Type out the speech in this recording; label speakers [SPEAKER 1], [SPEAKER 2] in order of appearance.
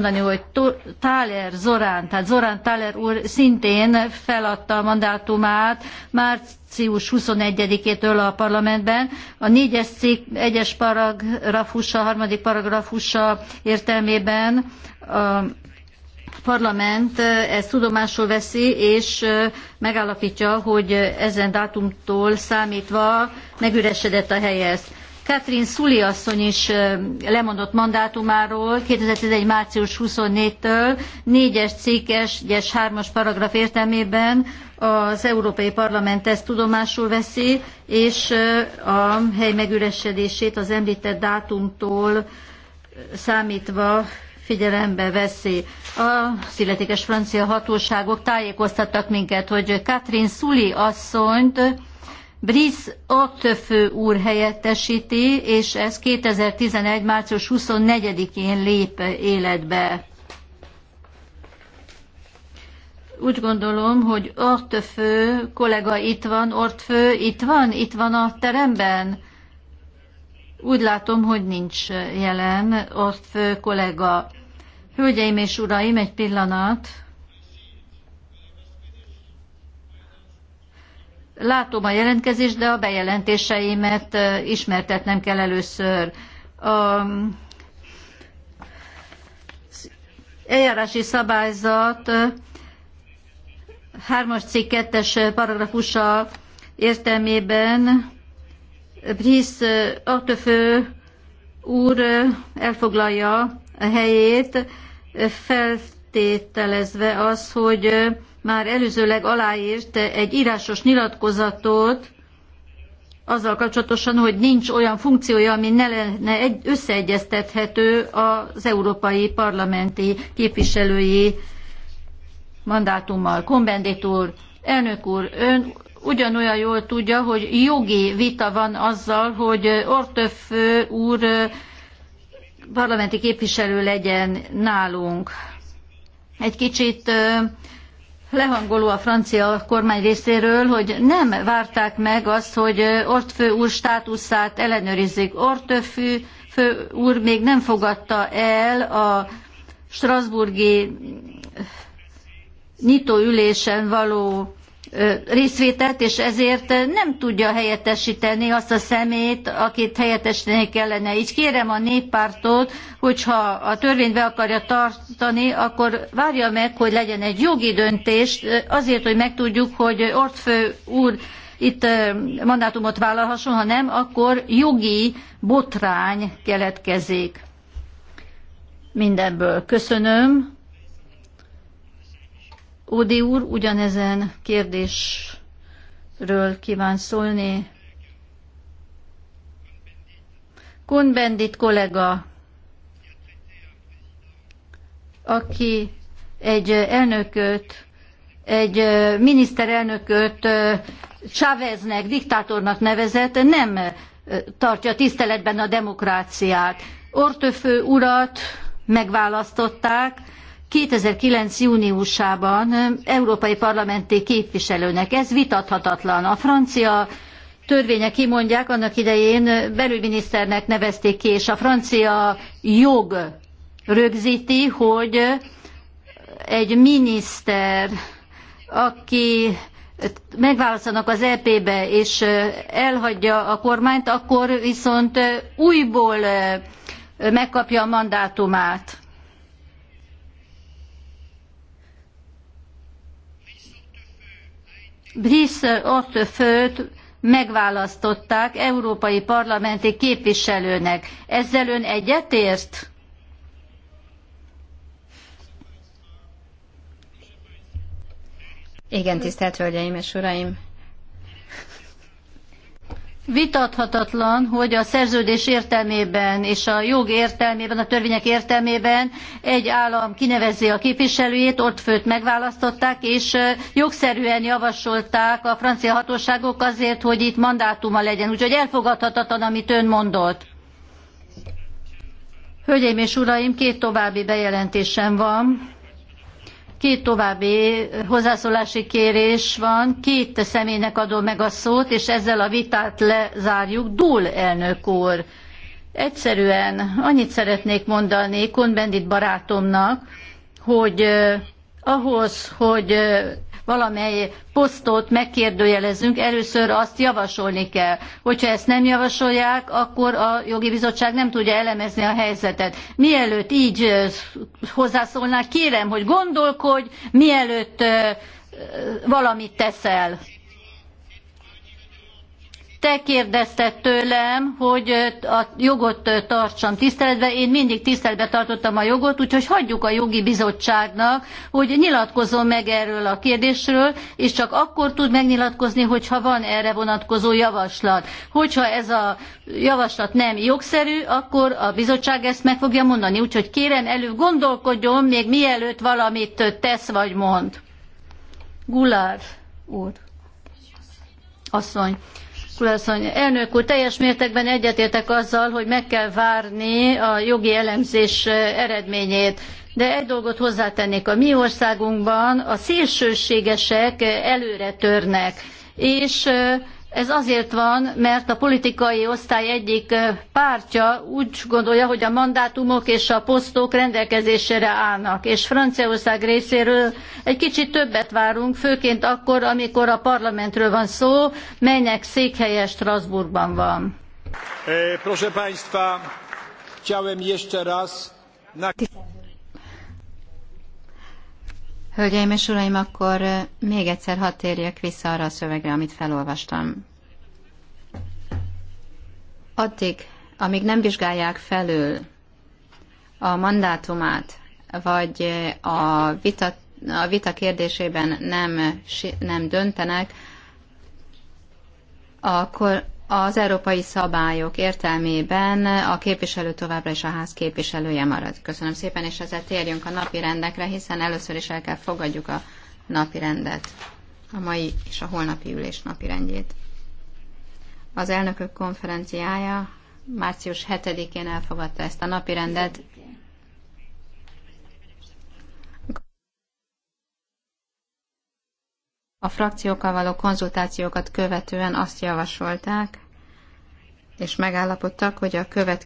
[SPEAKER 1] mondani, hogy Táler Zorán, tehát Zorán Táler úr szintén feladta a mandátumát március 21-től a parlamentben. A négyes cikk egyes paragrafusa, harmadik paragrafusa értelmében a parlament ezt tudomásul veszi, és megállapítja, hogy ezen dátumtól számítva megüresedett a helyez. Katrin Szuli asszony is lemondott mandátumáról 2011. március 24-től Négyes es cikkes, 1-es, as paragraf értelmében az Európai Parlament ezt tudomásul veszi, és a hely megüresedését az említett dátumtól számítva figyelembe veszi. Az illetékes francia hatóságok tájékoztattak minket, hogy Katrin Szuli asszonyt Briss Ottefő úr helyettesíti, és ez 2011. március 24-én lép életbe. Úgy gondolom, hogy Ortfő kollega itt van, Ortfő itt van, itt van a teremben. Úgy látom, hogy nincs jelen Ortfő kollega. Hölgyeim és uraim, egy pillanat. látom a jelentkezést, de a bejelentéseimet ismertetnem kell először. A eljárási szabályzat 3 cikk 2 paragrafusa értelmében Brisz Aktefő úr elfoglalja a helyét, feltételezve az, hogy már előzőleg aláírt egy írásos nyilatkozatot azzal kapcsolatosan, hogy nincs olyan funkciója, ami ne lenne egy, összeegyeztethető az európai parlamenti képviselői mandátummal. Kombendit úr, elnök úr, ön ugyanolyan jól tudja, hogy jogi vita van azzal, hogy Ortöf úr parlamenti képviselő legyen nálunk. Egy kicsit lehangoló a francia kormány részéről, hogy nem várták meg azt, hogy Ortfő úr státuszát ellenőrizzék. Ortfő fő úr még nem fogadta el a Strasburgi nyitóülésen való részvételt, és ezért nem tudja helyettesíteni azt a szemét, akit helyettesíteni kellene. Így kérem a néppártot, hogyha a törvényt be akarja tartani, akkor várja meg, hogy legyen egy jogi döntés, azért, hogy megtudjuk, hogy Ortfő úr itt mandátumot vállalhasson, ha nem, akkor jogi botrány keletkezik. Mindenből köszönöm. Ódi úr ugyanezen kérdésről kíván szólni. Bendit kollega, aki egy elnököt, egy miniszterelnököt Cháveznek, diktátornak nevezett, nem tartja tiszteletben a demokráciát. Ortöfő urat megválasztották, 2009. júniusában európai parlamenti képviselőnek. Ez vitathatatlan. A francia törvények kimondják, annak idején belügyminiszternek nevezték ki, és a francia jog rögzíti, hogy egy miniszter, aki megválasztanak az EP-be, és elhagyja a kormányt, akkor viszont újból megkapja a mandátumát. ott Ortefőt megválasztották európai parlamenti képviselőnek. Ezzel ön egyetért? Igen, tisztelt Hölgyeim
[SPEAKER 2] és Uraim!
[SPEAKER 1] Vitathatatlan, hogy a szerződés értelmében és a jog értelmében, a törvények értelmében egy állam kinevezi a képviselőjét, ott főt megválasztották, és jogszerűen javasolták a francia hatóságok azért, hogy itt mandátuma legyen. Úgyhogy elfogadhatatlan, amit ön mondott. Hölgyeim és uraim, két további bejelentésem van. Két további hozzászólási kérés van, két személynek adom meg a szót, és ezzel a vitát lezárjuk. Dúl elnök úr, egyszerűen annyit szeretnék mondani Konbendit barátomnak, hogy eh, ahhoz, hogy eh, valamely posztot megkérdőjelezünk, először azt javasolni kell. Hogyha ezt nem javasolják, akkor a jogi bizottság nem tudja elemezni a helyzetet. Mielőtt így hozzászólnál, kérem, hogy gondolkodj, mielőtt valamit teszel te kérdezted tőlem, hogy a jogot tartsam tiszteletben. Én mindig tiszteletbe tartottam a jogot, úgyhogy hagyjuk a jogi bizottságnak, hogy nyilatkozzon meg erről a kérdésről, és csak akkor tud megnyilatkozni, hogyha van erre vonatkozó javaslat. Hogyha ez a javaslat nem jogszerű, akkor a bizottság ezt meg fogja mondani. Úgyhogy kérem elő gondolkodjon, még mielőtt valamit tesz vagy mond. Gulár úr. Asszony. Kulaszony, elnök úr, teljes mértékben egyetértek azzal, hogy meg kell várni a jogi elemzés eredményét. De egy dolgot hozzátennék, a mi országunkban a szélsőségesek előre törnek, és ez azért van, mert a politikai osztály egyik pártja úgy gondolja, hogy a mandátumok és a posztok rendelkezésére állnak, és Franciaország részéről egy kicsit többet várunk, főként akkor, amikor a parlamentről van szó, melynek székhelye Strasbourgban van. E, proszę Państwa, chciałem jeszcze raz...
[SPEAKER 2] Hölgyeim és uraim, akkor még egyszer hadd térjek vissza arra a szövegre, amit felolvastam. Addig, amíg nem vizsgálják felül a mandátumát, vagy a vita, a vita kérdésében nem, nem döntenek, akkor az európai szabályok értelmében a képviselő továbbra is a ház képviselője marad. Köszönöm szépen, és ezzel térjünk a napi rendekre, hiszen először is el kell fogadjuk a napi rendet, a mai és a holnapi ülés napi rendjét. Az elnökök konferenciája március 7-én elfogadta ezt a napi rendet. A frakciókkal való konzultációkat követően azt javasolták, és megállapodtak, hogy a következő